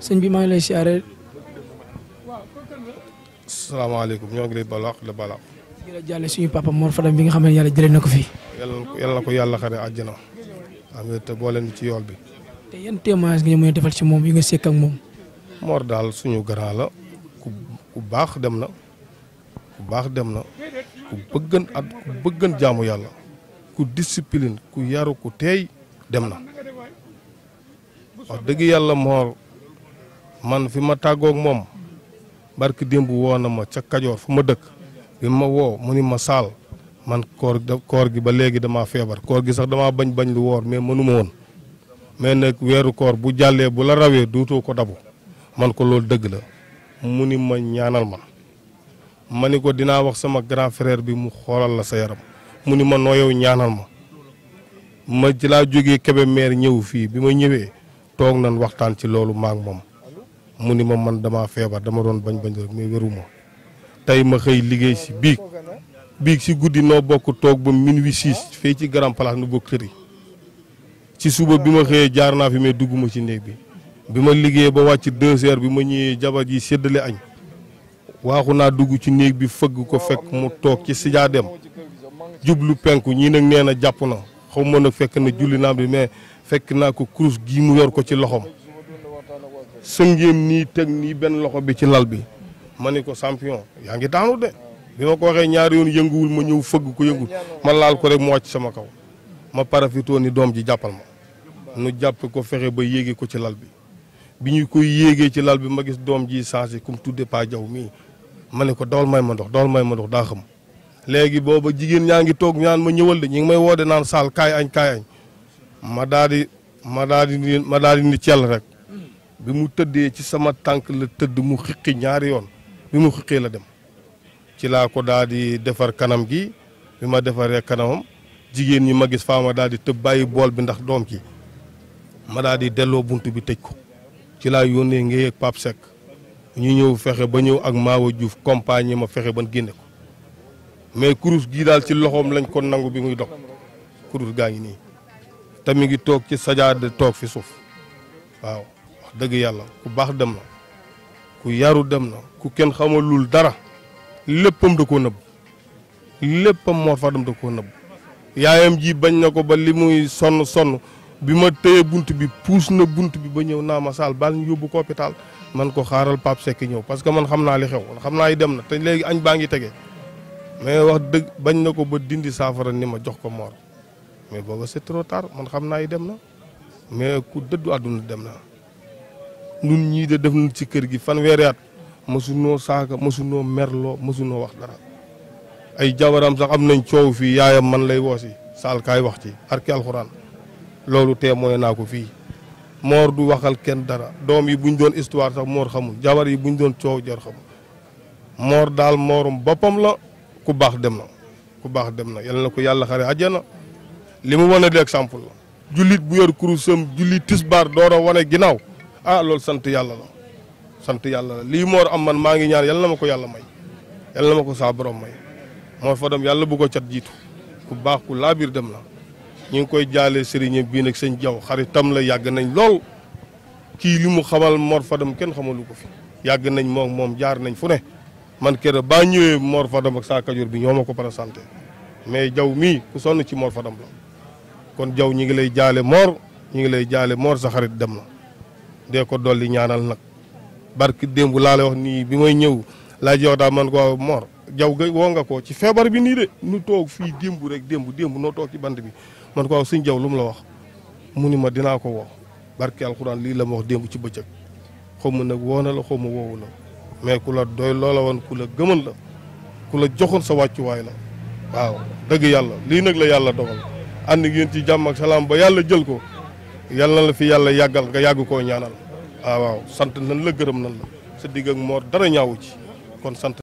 sëñ bi maa ngi lay siyaare. salaamaaleykum ñoo ngi lay balaax la balaax. jërëjëf jàlle suñu papa Mor Fadam bi nga xam ne yàlla jëlee na ko fii. yàlla na ko yàlla xare àjjana. amiin te boole ci yool bi. te yan témoignage nga ñu mën a defal ci moom yi nga sekk ak moom. Mor daal suñu garaala la ku baax dem na ku baax dem na ku bëggan at ku bëggan jaamu yàlla ku discipline ku yaru ku teey dem na wax dëgg yàlla Mor. man fi ma tàggoog moom barki démb woo na ma ca kajoor fu ma dëkk bi ma woo mu ni ma saal man koor gi ba léegi damaa feebar koor gi sax damaa bañ bañ lu woor mais mënuma woon mais nag weeru koor bu jàllee bu la rawee duutoo ko dabu man ko loolu dëgg la mu ni ma ñaanal ma ma ni ko dinaa wax sama grand frère bi mu xoolal la sa yaram mu ni ma noo yow ñaanal ma ma ci jóge jógee Kébémer ñëw fii bi ma ñëwee toog nañ waxtaan ci loolu maak moom mu ni ma man damaa feebar dama doon bañ bañ rek mais wéruma tey ma xëy liggéey si biig biig si guddi noo bokk toog ba minuit six fii ci grand place nu bokk kër yi ci suba bi ma xëyee jaar naa fi mais dugguma ci néeg bi bi ma liggéey ba wàcc deux heures bi ma ñëwee jabar ji séddale añ waaxu naa dugg ci néeg bi fëgg ko fekk mu toog ci sijaa dem jublu penku ñii nag nee na jàpp na xaw ma nag fekk na julli naam bi mais fekk naa ko kurus gii mu yor ko ci loxoom sëngéem nii teg nii benn loxo bi ci lal bi ma ni ko champion yaa ngi daanu de bi ma ko waxee ñaari yoon yënguwul ma ñëw fëgg ko yëngul ma laal ko rek mu wàcc sama kaw ma parafitoo ni doom ji jàppal ma nu jàpp ko fexe ba yéege ko ci lal bi bi ñu koy yéegee ci lal bi ma gis doom ji changé comme tudde Pa Jaw mi ma ne ko dawal may ma ndox dawal may ma ndox daa xam léegi booba jigéen ñaa ngi toog ñaan ma ñëwal de ñu ngi may woo naan saal kaay añ kaay añ ma daal di ma daal ma daal di ni cell rek bi mu tëddee ci sama tànk la tëdd mu xiqi ñaari yoon bi mu xiqee la dem ci laa ko daal di defar kanam gi bi ma defaree kanamam jigéen ñi ma gis faama daal di tëb bàyyi bool bi ndax doom ki ma daal delloo bunt bi tëj ko ci laa yónnee ngay ak Pape Seck ñu ñëw fexe ba ñëw ak Maawa Diouf compagnie ma fexe ban génne ko mais kurus gii daal ci loxoom lañ ko nangu bi muy dox kurus gaa ngi nii te mi ngi toog ci sajaade toog fi suuf waaw dëgg yàlla ku baax dem na ku yaru dem na ku kenn xamalul dara léppam da koo nëbb léppam Mor Fadam da koo nëbb yaayam ji bañ na ko ba li muy sonn sonn bi ma téye bunt bi puus na bunt bi ba ñëw naa ma saal baal ñu yóbbu ko hôpital man ko xaaral Pape Seck ñëw parce que man xam naa li xew xam naa yi dem na te léegi añ baa ngi tege mais wax dëgg bañ na ko ba dindi saafara ni ma jox ko Mor mais booba c'est trop tard man xam naa yi dem na mais ku dëddu àdduna dem na ñun ñii de def nañ ci kër gi fanweeri at mosunoo saaga mosunoo merloo mosunoo wax dara ay jabaram sax am nañ coow fii yaayam man lay woosi saal kaay wax ci arki alxuraan loolu témoin naa ko fii moor du waxal kenn dara doom yi buñ doon histoire sax moor xamul jabar yi buñ doon coow jar xamul moor daal moorum boppam la ku baax dem na ku baax dem na yal na ko yàlla xare àjjana li mu wane di exemple la jullit bu yor kurusam julli tisbaar door a wane ginnaaw ah loolu sant yàlla la sant yàlla lii moor am man maa ngi ñaar yàlla na ma ko yàlla may yàlla na ma ko saa borom may moo fa dem yàlla bu ko cat jiitu ku baax ku laa biir dem la ñu ngi koy jaale sëriñam bii nag sëñ jaw xaritam la yàgg nañ lool kii li mu xamal Mor Fadam kenn xamalu ko fi yàgg nañ moom moom jaar nañ fu ne man kër baa ñëwee moor Fadam ak saa Kajoor bi ñoo ma ko sante mais jaw mii ku sonn ci Mor Fadam la kon jaw ñi ngi lay jaale Mor ñi ngi lay jaale Mor sa dem la dee ko dolli ñaanal nag barki démb laa lay wax nii bi may ñëw laa jox daal man ko mor jaw ga woo nga ko ci feebar bi nii de nu toog fii démb rek démb démb noo toog ci bant bi man ko waaw suñ jaw lu mu la wax mu ni ma dinaa ko woo barki alxuraan lii la ma wax démb ci bëccëg xaw ma nag woo na la xaw ma woowu la mais ku la doy loola woon ku la gëmal la ku la joxoon sa wàccuwaay la waaw dëgg yàlla lii nag la yàlla dogal ànd ngeen ci jàmm ak salaam ba yàlla jël ko yàlla na la fi yàlla yàggal nga yàgg koo ñaanal Ah, waaw sant nan la gërëm nan la sa digg ak moor dara ñaawu ci kon sant